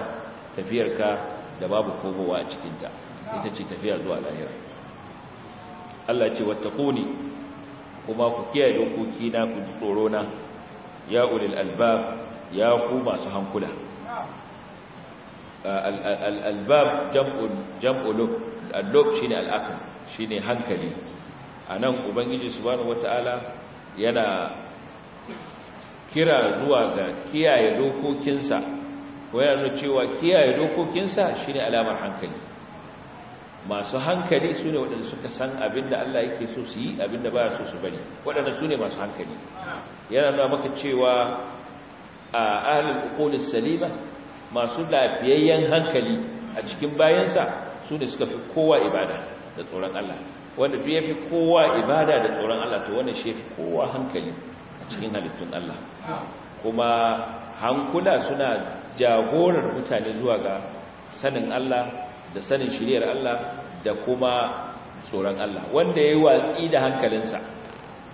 A: tafiyar ka da babu komowa a cikin ta ita ce tafiya zuwa lahira Allah ce wattaquni kuma ku kiyaye dokokina na ku ji tsoro ya ulil albab ya ku masu hankula uh, albab jam'uluk alluk shi ne al'akam shi ne hankali a nan ubangiji bani wata'ala yana kira zuwa ga kiyaye dokokinsa ko yana cewa kiyaye dokokinsa shi ne alamar hankali masu hankali su ne waɗanda suka san abin da Allah yake so su yi abin da ba su su bari waɗanda su ne masu hankali yana nuna maka cewa A ahlul uqulis salima masu lafiyayyen hankali a cikin bayansa su ne suka fi kowa ibada da tsoron Allah wanda duk yafi kowa ibada da tsoron Allah to wani shi fi kowa hankali a cikin halittun Allah kuma hankula suna jagorar mutane zuwa ga sanin Allah da sanin shiriyar Allah da kuma tsoron Allah wanda ya yi watsi da hankalinsa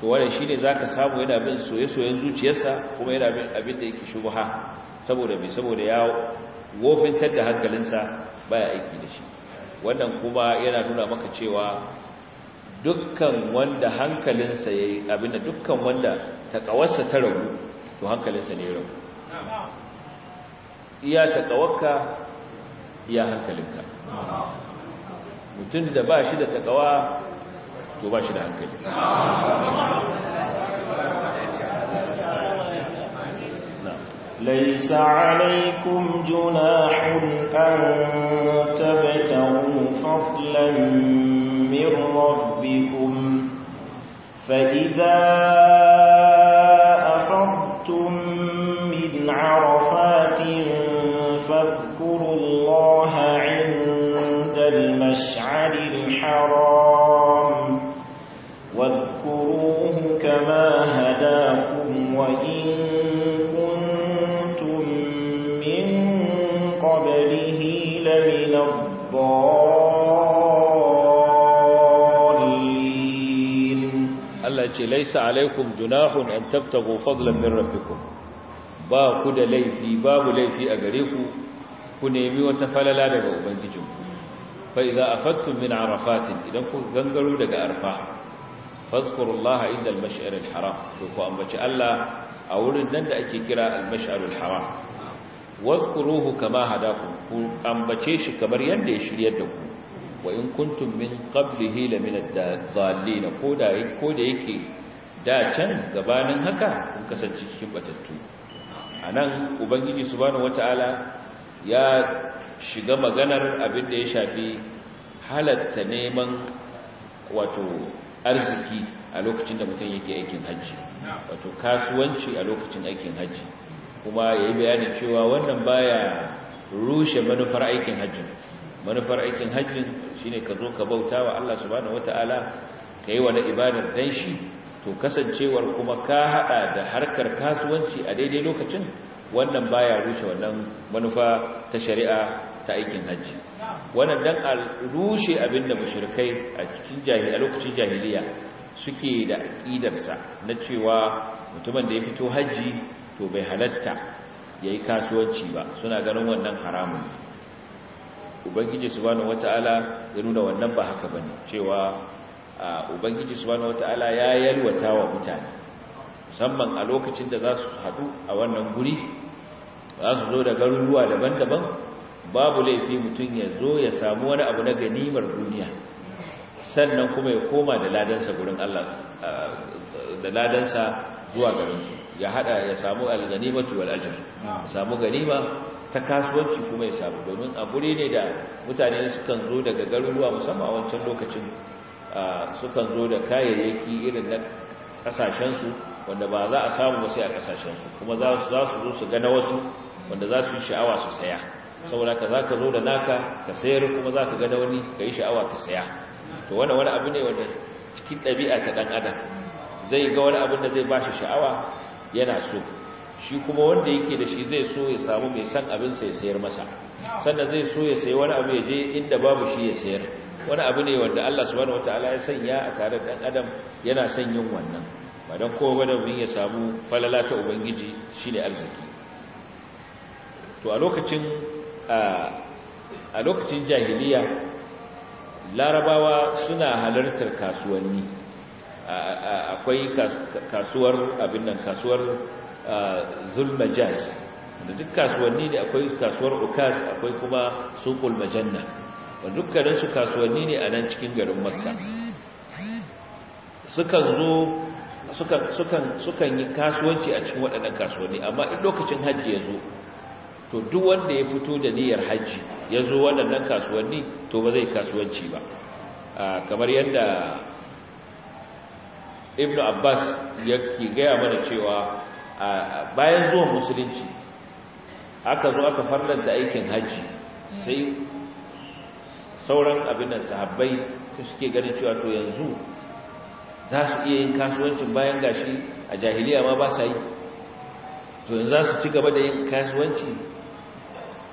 A: to wannan shine zaka samu yana bin soye-soyen zuciyarsa kuma yana bin abin da yake shubha saboda me saboda ya wofintar da hankalinsa baya aiki da shi wannan kuma yana nuna maka cewa dukkan wanda hankalinsa yayi abinda dukkan wanda takawarsa ta ragu to hankalinsa ne ragu iya takawarka iya hankalinka mutum da ba shi da takawa to ba shi
B: da
C: hankali
B: ليس عليكم جناح أن تبتغوا فضلا من ربكم فإذا أفضتم من عرفات فاذكروا الله عند المشعر الحرام كما هداكم وإن كنتم من قبله لمن الضالين
A: الله يقول ليس عليكم جناح أن تبتغوا فضلا من da laifi babu laifi a gare ku ku nemi wata falala daga ubangijinku fa idza idan daga arfa fadhkurullaha inda al-mash'ar al-haram to ku ambaci Allah a wurin nan da ake kira al-mash'ar al-haram wazkuruhu kama hadakum ku ambace shi kamar yanda ya shiryar da ku wa in kuntum min qablihi la min ad-dallin ko da yake da can gabanin haka kun kasance cikin batattu anan ubangiji subhanahu wataala ya shiga maganar abin da ya shafi halatta neman wato arziki a lokacin da mutum yake aikin hajji wato kasuwanci a lokacin aikin hajji kuma ya yi bayanin cewa wannan baya rushe manufar aikin hajji manufar aikin hajji shine ka zo ka bauta wa Allah subhanahu wataala ka yi wani ibadar dan shi to kasancewar kuma ka haɗa da harkar kasuwanci a daidai lokacin wannan baya rushe wannan manufa ta shari'a ta aikin hajji wannan dan a rushe abinda mushrikai a cikin jahiliya a lokacin jahiliya suke da aqidarsa na cewa mutumin da ya fito haji to bai halatta yayi kasuwanci ba suna ganin wannan haramun ubangiji subhanahu wataala ya nuna wannan ba haka bane cewa ubangiji subhanahu wataala ya yalwata wa mutane musamman a lokacin da za su haɗu a wannan guri za su zo da garuruwa daban-daban babu laifi mutum ya zo ya samu wani abu na ganimar duniya sannan kuma ya koma da ladansa gurin Allah da ladansa zuwa garin su ya hada ya samu al-ganimatu wal ajr samu ganima ta kasuwanci kuma ya samu domin a guri ne da mutane sukan zo daga garuruwa musamman a wancan lokacin sukan zo da kayayyaki irin na kasashen su wanda ba za a samu ba sai a kasashen su kuma za su zo su ga na wasu wanda za su yi sha'awa su saya saboda ka za ka zo da naka ka sayar kuma zaka ga da wani ka yi sha'awa ka saya to wani wani abu ne wanda cikin ɗabi'a ta ɗan adam zai ga wani abin da zai ba shi sha'awa yana so shi kuma wanda yake da shi zai so ya samu mai san abin sai sayar masa sannan zai so ya sayi wani abu ya je inda babu shi ya sayar wani abu ne wanda Allah subhanahu wataala ya sanya a tare da dan adam yana son yin wannan ba dan kowa ba ya samu falala ta ubangiji shine arziki to a lokacin a lokacin jahiliya larabawa suna halartar kasuwanni akwai kasuwar abin nan kasuwar zulmajaz da duk kasuwanni da akwai kasuwar ukaz akwai kuma Sukul majanna wa dukkanin su kasuwanni ne a nan cikin garin makka sukan zo sukan yi kasuwanci a cikin waɗannan kasuwanni amma in lokacin hajji ya zo to duk wanda ya fito da niyyar hajji ya zo waɗannan kasuwanni to ba zai kasuwanci ba kamar yadda ibn abbas yake gaya mana cewa bayan zuwan musulunci aka zo aka farlanta aikin hajji sai sauran abin sahabbai sai suke ganin cewa to yanzu za su iya yin kasuwancin bayan gashi a jahiliya ma ba sa yi to yanzu za su ci gaba da yin kasuwanci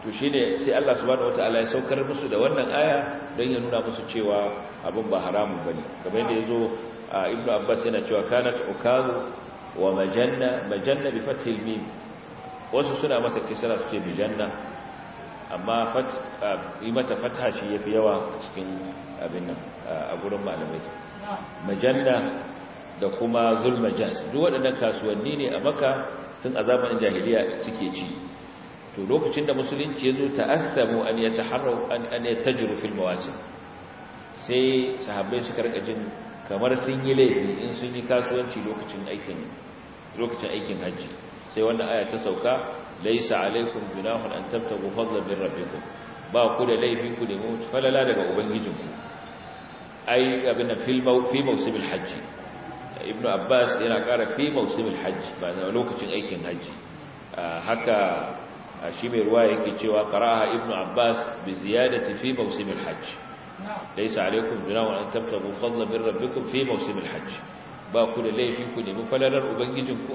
A: to shi ne sai Allah subhanahu ala ya saukar musu da wannan aya don ya nuna musu cewa abin ba haramun bane kamar yadda ya zo a ibnu abbas yana cewa kanat ukazu wa majanna majanna bi fathil mim wasu suna mata kisra suke majanna amma fat yi mata fatha shi yafi yawa cikin abin nan a gurin malamai majanna da kuma zulmajaz duk waɗannan kasuwanni ne a maka tun a zamanin jahiliya suke ci to lokacin da musulunci ya zo ta'azzamu an yataharru an an yatajru fil mawasim sai sahabbai suka rika jin kamar sun yi laifi in sun yi kasuwanci lokacin aikin lokacin aikin haji sai wannan aya ta sauka laysa alaikum junahun an tabtagu fadlan min rabbikum ba ku da laifi ku nemi falala daga ubangijinku ai abin fil fi mawsimil hajji ibn abbas yana kara fi mawsimil hajji ba lokacin aikin haji ah, haka shi mai ruwa yake cewa qara'a ibnu abbas bi ziyadati fi mawsim al-hajj laysa alaykum junahun an tabtagu fadlan min rabbikum fi mawsim al ba ku da laifi ku nemi falalar ku.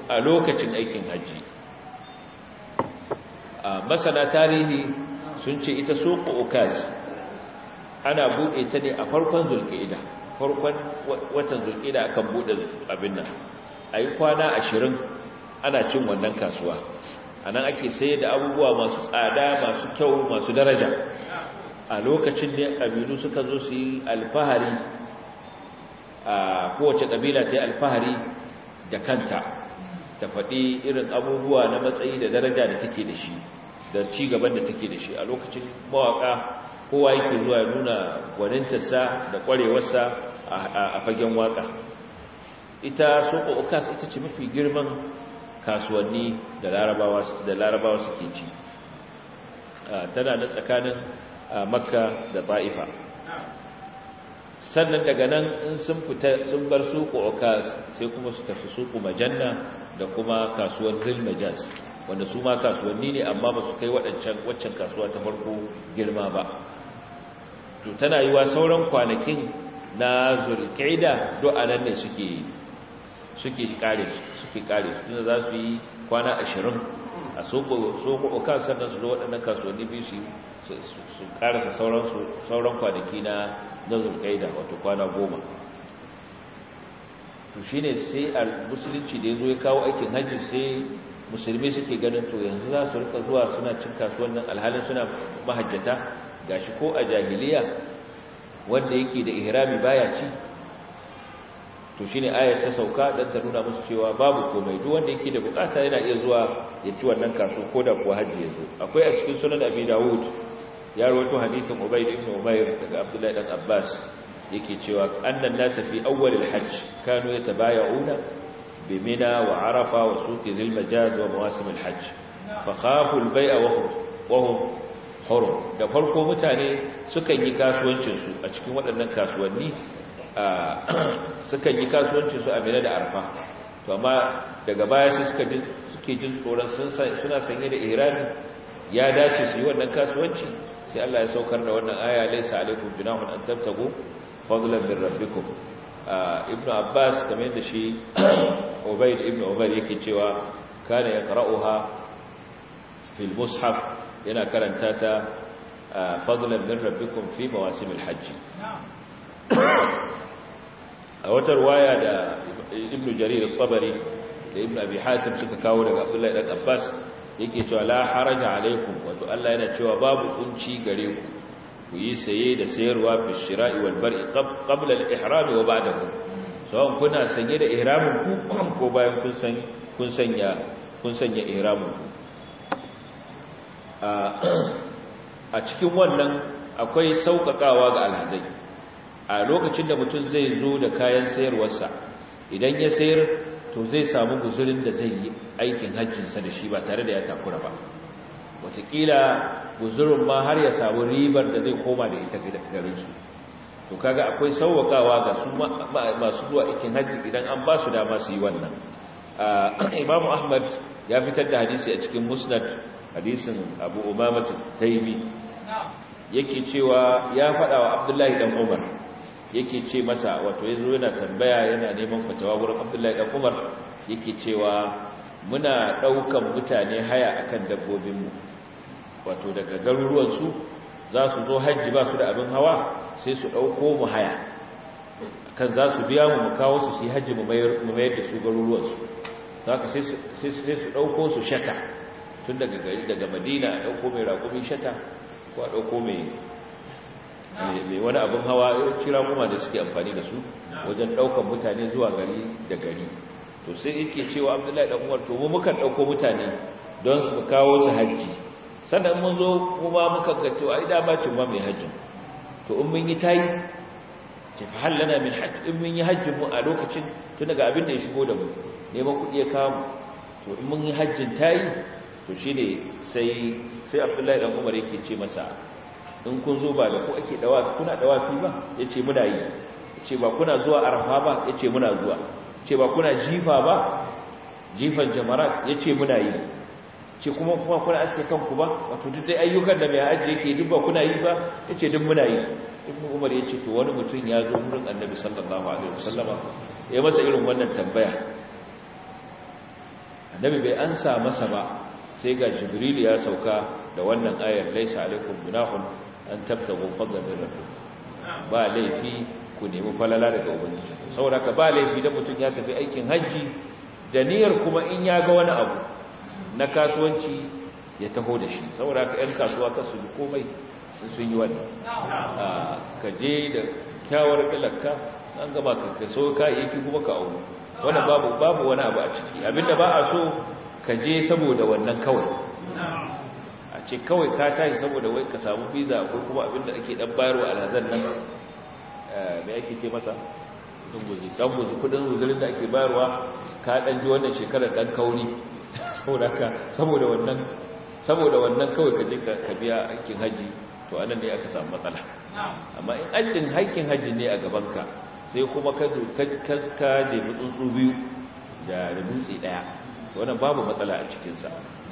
A: a lokacin aikin hajji a masana tarihi sun ce ita suku ukaz ana buɗe ta ne a farkon zulƙida farkon watan zulƙida akan buɗe abin nan a yi kwana ashirin ana cin wannan kasuwa a nan ake sayar da abubuwa masu tsada masu kyau masu daraja a lokacin da Kabilu suka zo su yi alfahari a kowace ƙabila ta yi alfahari da kanta ta faɗi irin abubuwa na matsayi da daraja da take da shi da ci gaban da take da shi a lokacin mawaƙa kowa yake zuwa nuna gwanintarsa da ƙwarewarsa a fagen waƙa ita soko okas ita ce mafi girman kasuwanni da larabawa suke ci ah, tana nan tsakanin ah, makka da Ba'ifa. sannan daga nan in sun fita sun bar suku okas sai kuma su tafi suku majanna da kuma kasuwar zil majas wanda su ma kasuwanni ne amma ba su kai waccan kasuwa ta farko girma ba to tana yiwa sauran kwanakin na zulkaida do anan ne suke suke kare suke kare tunda za su yi kwana 20 a soko kan sannan su zo waɗannan kasuwanni biyu su su karasa sauran kwanaki na zazul kaida wato kwana goma to shine sai al musulunci da yazo ya kawo aikin hajji sai musulmi suke ganin to yanzu za su rika zuwa suna cin kasuwannin alhalin suna mahajjata gashi ko a jahiliya wanda yake da ihrami baya ci to shine ayar ta sauka dan ta nuna musu cewa babu komai duk wanda yake da bukata yana iya zuwa ya ci wannan kaso ko da kuwa haji ya zo akwai a cikin sunan abi dawud ya rawaito hadisin ubayd ibn umayr daga abdullahi dan abbas yake cewa annan nasa fi awwal al-hajj kanu yatabaya'una bi mina wa arafa wa suqi dhil majaz wa mawasim al fa khafu al-bay'a wa hum hurum da farko mutane sukan yi kasuwancin su a cikin waɗannan kasuwanni sukan yi kasuwancin su a mina da arfa to amma daga baya sai suka suke jin tsoron suna sanye da ihrami ya dace su yi wannan kasuwanci sai Allah ya saukar da wannan aya laysa alaikum junahun an tabtagu fadlan min rabbikum ibnu abbas kamar da shi ubayd Ibn umar yake cewa kana yaqra'uha fil mushaf yana karanta ta fadlan min rabbikum fi mawasim al-hajj a wata ruwaya da ibn jarir al-tabari da ibn abi hatim suka kawo daga abdullahi dan abbas yake cewa la haraja alaikum wato Allah yana cewa babu kunci gare ku ku yi saye da sayarwa fi shira'i wal bar'i qabla al-ihram wa ba'dahu sawan kuna sanye da ihramin ku ko bayan kun san kun sanya kun sanya ihramin ku a cikin wannan akwai sauƙaƙawa ga alhazai a lokacin da mutum zai zo da kayan sayarwarsa idan ya sayar to zai samu guzurin da zai yi aikin hajjinsa da shi ba tare da ya takura ba Wataƙila guzurin ma har ya samu ribar da zai koma da ita garinsu to kaga akwai sauwakawa ga su masu zuwa aikin hajji idan an ba su dama su yi wannan imamu ahmad ya fitar da hadisi a cikin musnad hadisin abu umamatu taimi yake cewa ya faɗa wa abdullahi ɗan umar yake ce masa wato yanzu yana tambaya yana neman fatawa wurin abdullahi ɗan umar yake cewa muna ɗaukan mutane haya akan dabbobinmu wato daga garuruwansu za su zo hajji ba su da abin hawa sai su ɗauko mu haya kan za su biya mu kawo su su hajji mu mayar da su garuruwansu za ka sai su ɗauko su shata tun daga madina a ɗauko mai raƙumin shata ko a ɗauko mai mai wani abin hawa eh, kira kuma da suke amfani da su wajen ɗaukan mutane zuwa gari da gari to sai yake cewa abdullahi dan umar to mu muka ɗauko mutane don su kawo su hajji sannan mun zo kuma muka ga to ai da bacin ba mai hajjin to in mun yi tayi ce fa halana min hajji in mun yi hajjin mu a lokacin tun daga abin da ya shigo da mu neman kuɗi ya kawo to in mun yi hajjin tayi to shine sai sai abdullahi dan umar yake ce masa in kun zo ba da ku ake dawa kuna dawa fi ba Ya ce muna yi ce ba kuna zuwa arfa ba Ya ce muna zuwa ce ba kuna jifa ba jifan Ya ce muna yi ce kuma kuma kuna aske kanku ba wato duk dai ayyukan da mai hajji yake duk ba kuna yi ba Ya ce duk muna yi ibnu umar ya ce to wani mutum ya zo wurin annabi sallallahu alaihi wasallama ya masa irin wannan tambaya annabi bai ansa masa ba sai ga jibril ya sauka da wannan ayar laisa alaikum gunahun an tabtago fadda min rabbi ba laifi ku nemi falala daga ubangiji saboda ka ba laifi da mutum ya tafi aikin hajji da niyyar kuma in ya ga wani abu na kasuwanci ya taho da shi saboda ka yan kasuwa ka su komai sun yi wani ka je da kyawar ɗalaka an gaba ka ka so kayayyaki kuma ka auna wani babu babu wani abu a ciki abinda ba a so ka je saboda wannan kawai ce kawai ka tashi saboda wai ka samu visa akwai kuma abinda ake dan bayarwa alhazan nan eh, me yake ce masa dunguzi dunguzi kudin ruzurin da ake bayarwa ka dan ji wannan shekarar dan kauri saboda ka saboda wannan saboda wannan kawai ka je ka biya aikin haji to anan ne aka samu matsala amma in aikin haikin haji ne a gaban ka sai kuma ka ka ka da tsuntsu biyu da dutse daya wannan babu matsala a cikin sa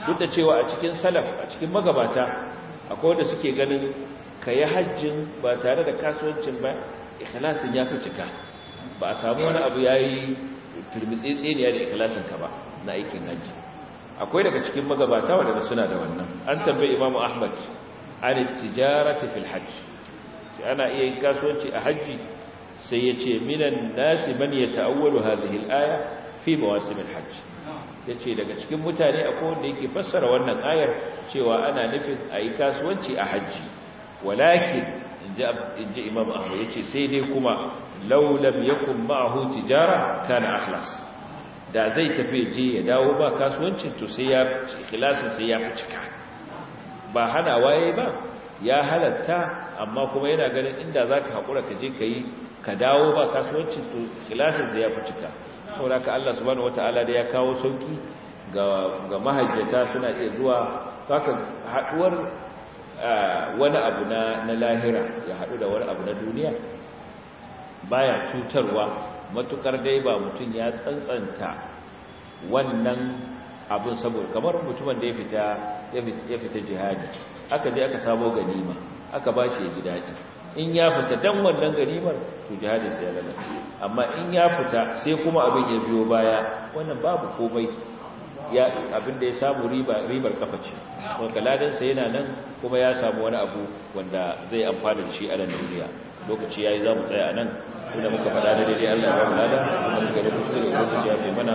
A: duk da cewa a cikin salaf a cikin magabata akwai wanda suke ganin ka yi hajjin ba tare da kasuwancin ba ikhlasin ya fi cika ba a samu wani abu ya yi firmitsitsiniya da ikhlasin ka ba na aikin hajji akwai daga cikin magabata wadanda suna da wannan an tambayi imamu ahmad an tijarati fil hajji Sai ana iya yin kasuwanci a hajji sai ya ce minan nasi man ya ta'awwalu hadhihi al-aya fi mawasim hajji ya ce daga cikin mutane akwai wanda yake fassara wannan ayar cewa ana nufin a yi kasuwanci a hajji walakin in ji imam ahu ya ce sai dai kuma laulam ya kuma ahu tijara kana ahlas da zai tafi je ya dawo ba kasuwancin to sai ya ikilasin sai ya fi cika ba hana waye ba ya halatta amma kuma yana ganin inda za ka haƙura ka je ka yi ka dawo ba kasuwancin to ikilasin sai ya fi cika saboda ka Allah subhanahu wataala da ya kawo sauki ga mahajjata suna iya zuwa saka haduwar wani abu na na lahira ya hadu da wani abu na duniya baya cutarwa matukar dai ba mutum ya tsantsanta wannan abin saboda kamar mutumin da ya fita jihadi aka je aka samo ganima aka bashi ya ji daɗi in ya fita dan wannan ganimar to jihadin sai ya lalace amma in ya fita sai kuma abin ya biyo baya wannan babu komai ya abin da ya samu riba ribar kafa ce wanda ladan sa yana nan kuma ya samu wani abu wanda zai amfana da shi a nan duniya lokaci yayi za mu tsaya a nan inda muka fada da dai Allah ya lada kuma ga rubutu da lokaci ya bai mana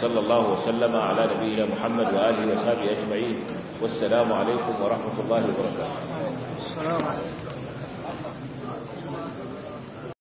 A: sallallahu wa sallama ala nabiyina Muhammad wa alihi wa sahbihi
C: ajma'in wassalamu alaikum wa rahmatullahi wa barakatuh